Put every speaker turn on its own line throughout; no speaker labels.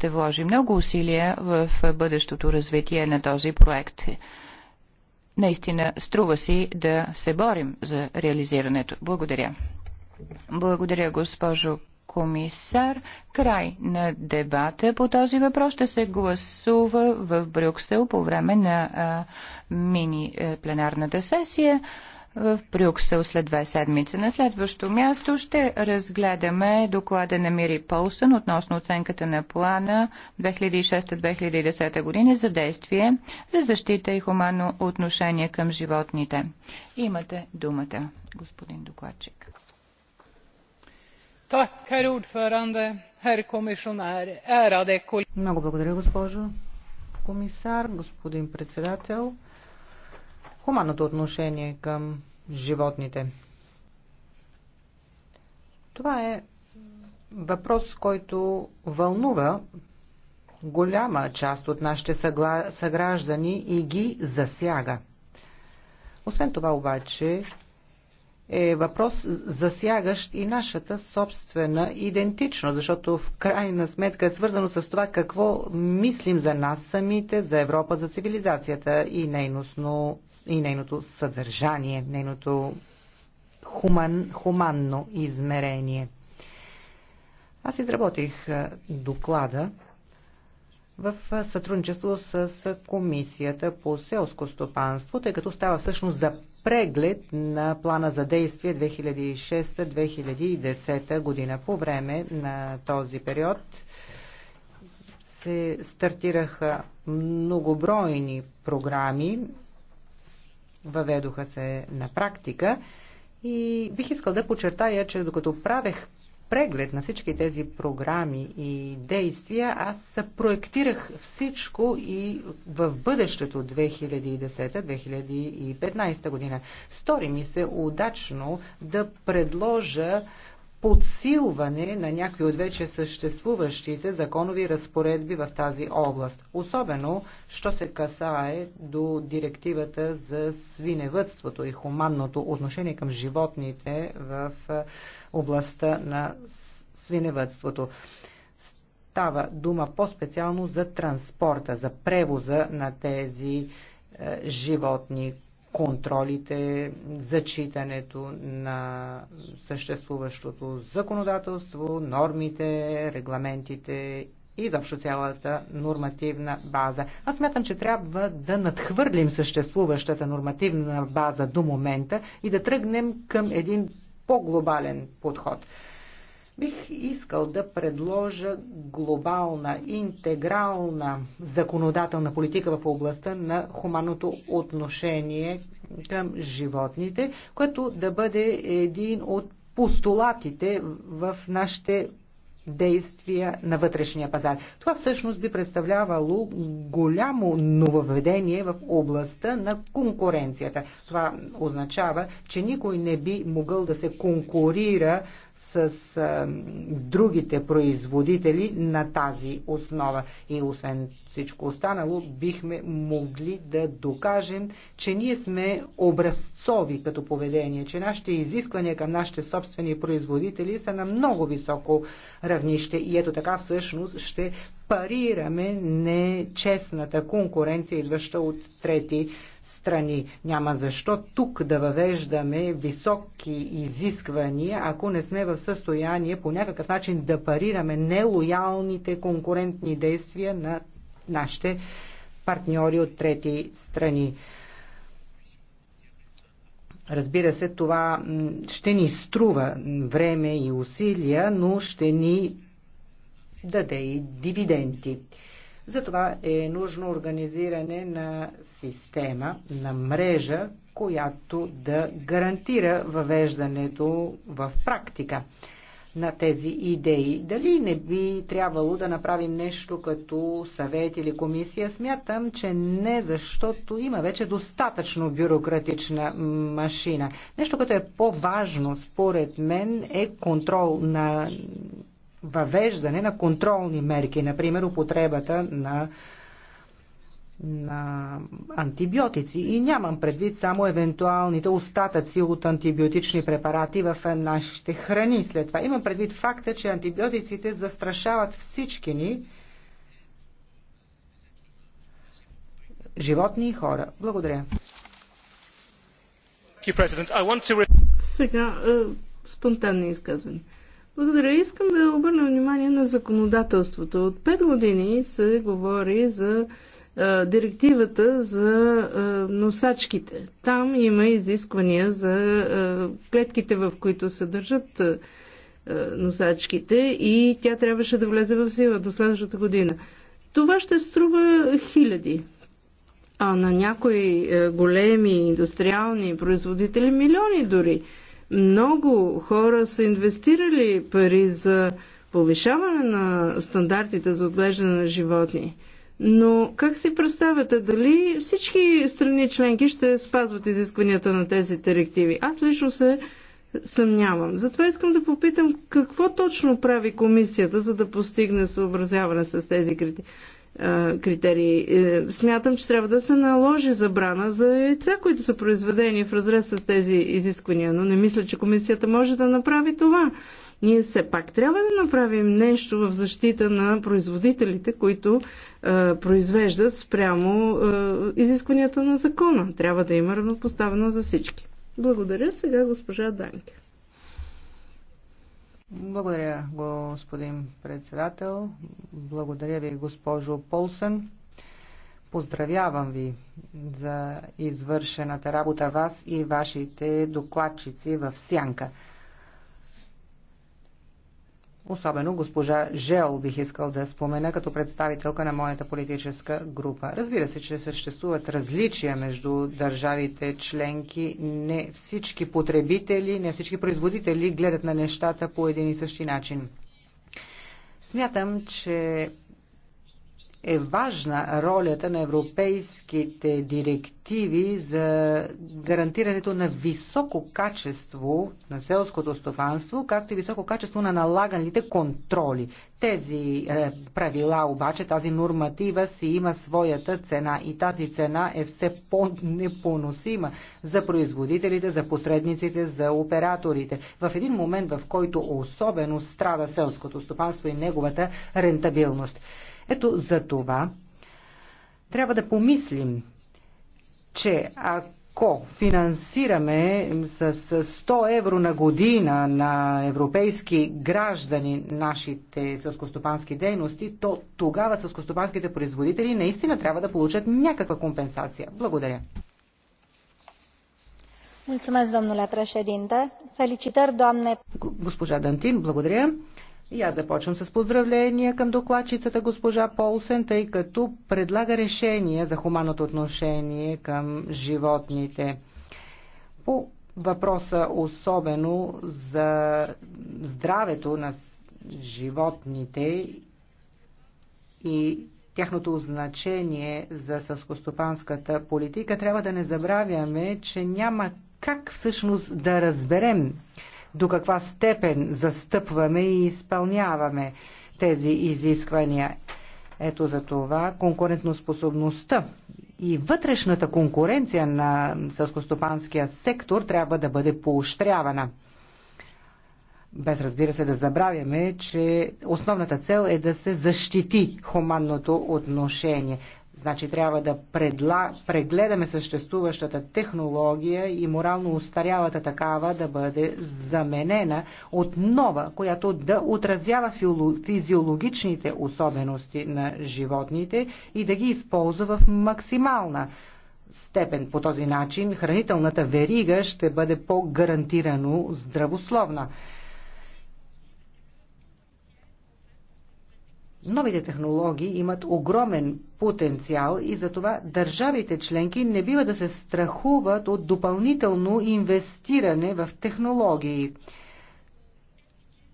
ще вложи много усилия в бъдещото развитие на този проект. Наистина струва си да се борим за реализирането. Благодаря. Благодаря, госпожо комисар. Край на дебата по този въпрос ще се гласува в Брюксел по време на а, мини а, е, пленарната сесия в Брюксел след две седмици. На следващо място ще разгледаме доклада на Мири Полсън относно оценката на плана 2006-2010 години за действие за защита и хуманно отношение към животните. Имате думата, господин докладчик.
Много благодаря, госпожо комисар, господин председател хуманното отношение към животните. Това е въпрос, който вълнува голяма част от нашите съграждани и ги засяга. Освен това обаче, е въпрос засягащ и нашата собствена идентичност, защото в крайна сметка е свързано с това какво мислим за нас самите, за Европа, за цивилизацията и, нейносно, и нейното съдържание, нейното хуман, хуманно измерение. Аз изработих доклада в сътрудничество с Комисията по селско стопанство, тъй като става всъщност за преглед на плана за действие 2006-2010 година. По време на този период се стартираха многобройни програми, въведоха се на практика и бих искал да подчертая, че докато правех преглед на всички тези програми и действия, аз проектирах всичко и в бъдещето 2010-2015 година. Стори ми се удачно да предложа подсилване на някои от вече съществуващите законови разпоредби в тази област. Особено, що се касае до директивата за свиневътството и хуманното отношение към животните в областта на свиневътството. Става дума по-специално за транспорта, за превоза на тези животни, контролите, зачитането на съществуващото законодателство, нормите, регламентите и изобщо цялата нормативна база. Аз смятам, че трябва да надхвърлим съществуващата нормативна база до момента и да тръгнем към един по-глобален подход. Бих искал да предложа глобална, интегрална законодателна политика в областта на хуманното отношение към животните, което да бъде един от постулатите в нашите действия на вътрешния пазар. Това всъщност би представлявало голямо нововведение в областта на конкуренцията. Това означава, че никой не би могъл да се конкурира с а, другите производители на тази основа. И освен всичко останало, бихме могли да докажем, че ние сме образцови като поведение, че нашите изисквания към нашите собствени производители са на много високо равнище. И ето така всъщност ще парираме нечестната конкуренция, идваща от трети страни. Няма защо тук да въвеждаме високи изисквания, ако не сме в състояние по някакъв начин да парираме нелоялните конкурентни действия на нашите партньори от трети страни. Разбира се, това ще ни струва време и усилия, но ще ни даде и дивиденти. Затова е нужно организиране на система, на мрежа, която да гарантира въвеждането в практика на тези идеи. Дали не би трябвало да направим нещо като съвет или комисия? Смятам, че не, защото има вече достатъчно бюрократична машина. Нещо, което е по-важно, според мен, е контрол на въвеждане на контролни мерки, например употребата на на антибиотици и нямам предвид само евентуалните остатъци от антибиотични препарати в нашите храни след това. Имам предвид факта, че антибиотиците застрашават всички ни животни и хора. Благодаря.
Сега е, спонтанни изказвания. Благодаря. Искам да обърна внимание на законодателството. От 5 години се говори за а, директивата за а, носачките. Там има изисквания за а, клетките, в които се държат а, носачките и тя трябваше да влезе в сила до следващата година. Това ще струва хиляди. А на някои е, големи индустриални производители милиони дори. Много хора са инвестирали пари за повишаване на стандартите за отглеждане на животни. Но как си представяте, дали всички страни членки ще спазват изискванията на тези директиви? Аз лично се съмнявам. Затова искам да попитам какво точно прави комисията, за да постигне съобразяване с тези критики критерии. Е, смятам, че трябва да се наложи забрана за яйца, които са произведени в разрез с тези изисквания, но не мисля, че комисията може да направи това. Ние все пак трябва да направим нещо в защита на производителите, които е, произвеждат спрямо е, изискванията на закона. Трябва да има равнопоставено за всички. Благодаря сега госпожа Данке.
Благодаря, господин председател. Благодаря ви, госпожо Полсен. Поздравявам ви за извършената работа вас и вашите докладчици в Сянка. Особено госпожа Жел бих искал да спомена като представителка на моята политическа група. Разбира се, че съществуват различия между държавите членки. Не всички потребители, не всички производители гледат на нещата по един и същи начин. Смятам, че е важна ролята на европейските директиви за гарантирането на високо качество на селското стопанство, както и високо качество на налаганите контроли. Тези е, правила обаче, тази норматива си има своята цена и тази цена е все по-непоносима за производителите, за посредниците, за операторите. В един момент, в който особено страда селското стопанство и неговата рентабилност. Ето за това трябва да помислим, че ако финансираме с 100 евро на година на европейски граждани нашите съскостопански дейности, то тогава съскостопанските производители наистина трябва да получат някаква компенсация. Благодаря. Mulțumesc, domnule președinte. Felicitări, doamne. Госпожа Дантин, благодаря. И аз започвам с поздравления към докладчицата госпожа Полсен, тъй като предлага решение за хуманното отношение към животните. По въпроса особено за здравето на животните и тяхното значение за съскостопанската политика, трябва да не забравяме, че няма как всъщност да разберем до каква степен застъпваме и изпълняваме тези изисквания. Ето за това конкурентноспособността и вътрешната конкуренция на сълскостопанския сектор трябва да бъде поощрявана. Без разбира се да забравяме, че основната цел е да се защити хуманното отношение. Значи трябва да предла... прегледаме съществуващата технология и морално устарялата такава да бъде заменена от нова, която да отразява физиологичните особености на животните и да ги използва в максимална степен. По този начин хранителната верига ще бъде по-гарантирано здравословна. Новите технологии имат огромен потенциал и затова държавите членки не бива да се страхуват от допълнително инвестиране в технологии.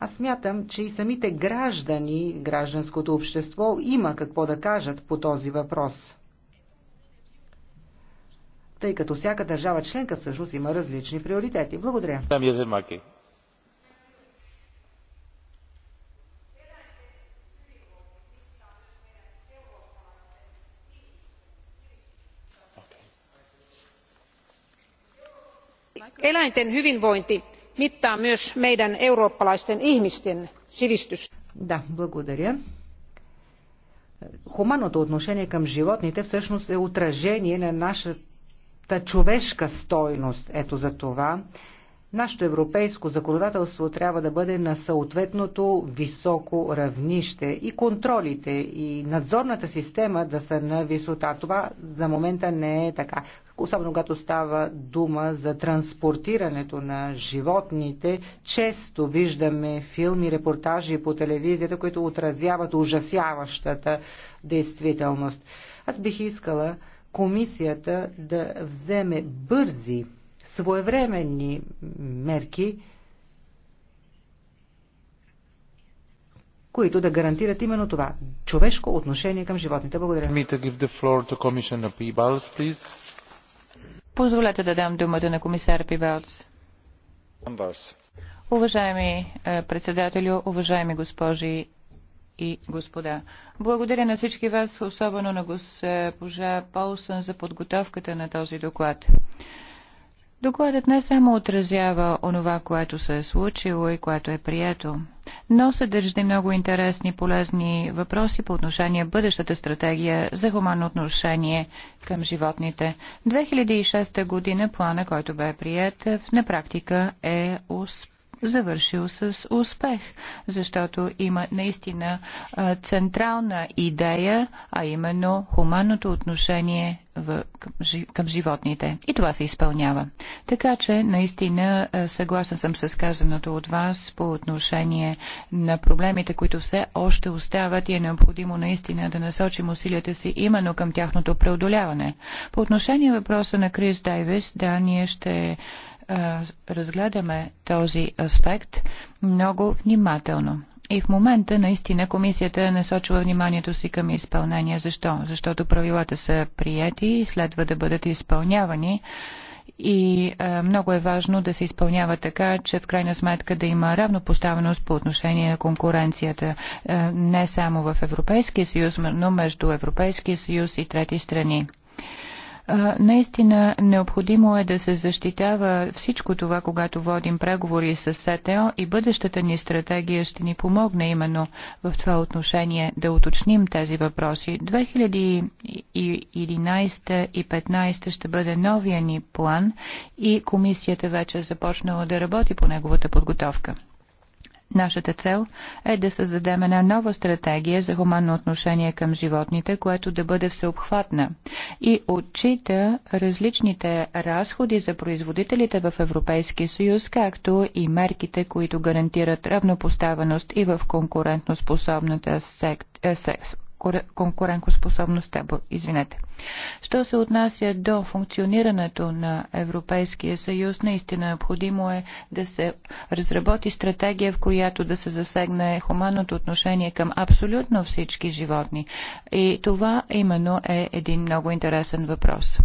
Аз смятам, че и самите граждани, гражданското общество има какво да кажат по този въпрос. Тъй като всяка държава членка всъщност има различни приоритети. Благодаря. eläinten hyvinvointi mittaa myös meidän eurooppalaisten ihmisten sivistystä. Да, благодаря. Хуманното отношение към животните всъщност е отражение на нашата човешка стойност. Ето за това Нашето европейско законодателство трябва да бъде на съответното високо равнище и контролите и надзорната система да са на висота. Това за момента не е така особено когато става дума за транспортирането на животните. Често виждаме филми, репортажи по телевизията, които отразяват ужасяващата действителност. Аз бих искала комисията да вземе бързи, своевременни мерки, които да гарантират именно това човешко отношение
към животните. Благодаря. Позволете да дам думата на комисар Пивелц. Уважаеми е, председателю, уважаеми госпожи и господа. Благодаря на всички вас, особено на госпожа Полсън за подготовката на този доклад. Докладът не само отразява онова, което се е случило и което е прието но съдържа много интересни, полезни въпроси по отношение бъдещата стратегия за хуманно отношение към животните. 2006 година плана, който бе прият, на практика е успешен завършил с успех, защото има наистина централна идея, а именно хуманното отношение в, към, към животните. И това се изпълнява. Така че, наистина, съгласен съм с казаното от вас по отношение на проблемите, които все още остават и е необходимо наистина да насочим усилията си именно към тяхното преодоляване. По отношение въпроса на Крис Дайвис, да, ние ще разгледаме този аспект много внимателно. И в момента наистина комисията е насочила вниманието си към изпълнение. Защо? Защото правилата са приети и следва да бъдат изпълнявани. И е, много е важно да се изпълнява така, че в крайна сметка да има равнопоставеност по отношение на конкуренцията е, не само в Европейския съюз, но между Европейския съюз и трети страни. Наистина необходимо е да се защитава всичко това, когато водим преговори с СТО и бъдещата ни стратегия ще ни помогне именно в това отношение да уточним тези въпроси. 2011 и 2015 ще бъде новия ни план и комисията вече е започнала да работи по неговата подготовка. Нашата цел е да създадем една нова стратегия за хуманно отношение към животните, което да бъде всеобхватна и отчита различните разходи за производителите в Европейския съюз, както и мерките, които гарантират равнопоставеност и в конкурентно способната конкурентоспособността. Извинете. Що се отнася до функционирането на Европейския съюз, наистина необходимо е да се разработи стратегия, в която да се засегне хуманното отношение към абсолютно всички животни. И това именно е един много интересен въпрос.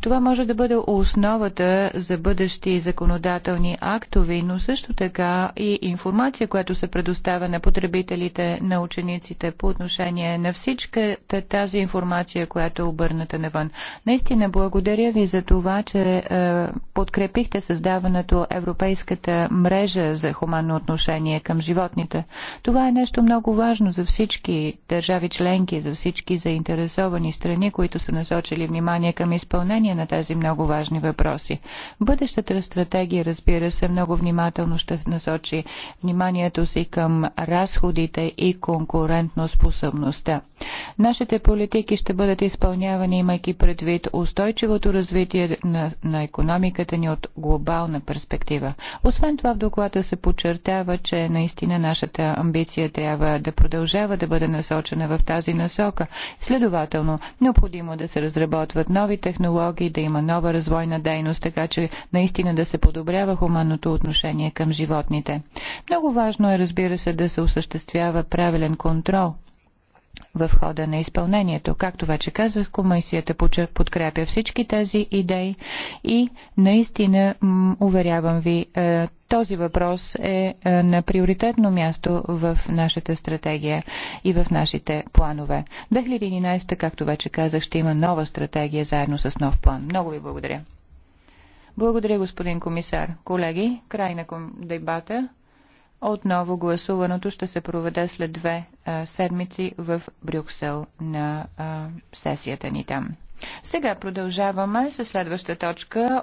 Това може да бъде основата за бъдещи законодателни актови, но също така и информация, която се предоставя на потребителите, на учениците по отношение на всичката тази информация, която е обърната навън. Наистина благодаря ви за това, че е, подкрепихте създаването Европейската мрежа за хуманно отношение към животните. Това е нещо много важно за всички държави членки, за всички заинтересовани страни, които са насочили внимание към изпълнението изпълнение на тези много важни въпроси. Бъдещата стратегия, разбира се, много внимателно ще насочи вниманието си към разходите и конкурентно способността. Нашите политики ще бъдат изпълнявани, имайки предвид устойчивото развитие на, на економиката ни от глобална перспектива. Освен това, в доклада се подчертава, че наистина нашата амбиция трябва да продължава да бъде насочена в тази насока. Следователно, необходимо да се разработват нови технологии, да има нова развойна дейност, така че наистина да се подобрява хуманното отношение към животните. Много важно е, разбира се, да се осъществява правилен контрол – в хода на изпълнението. Както вече казах, комисията подкрепя всички тези идеи и наистина, уверявам ви, е, този въпрос е, е на приоритетно място в нашата стратегия и в нашите планове. 2011, както вече казах, ще има нова стратегия заедно с нов план. Много ви благодаря. Благодаря, господин комисар. Колеги, край на дебата. Отново гласуването ще се проведе след две а, седмици в Брюксел на а, сесията ни там. Сега продължаваме с следваща точка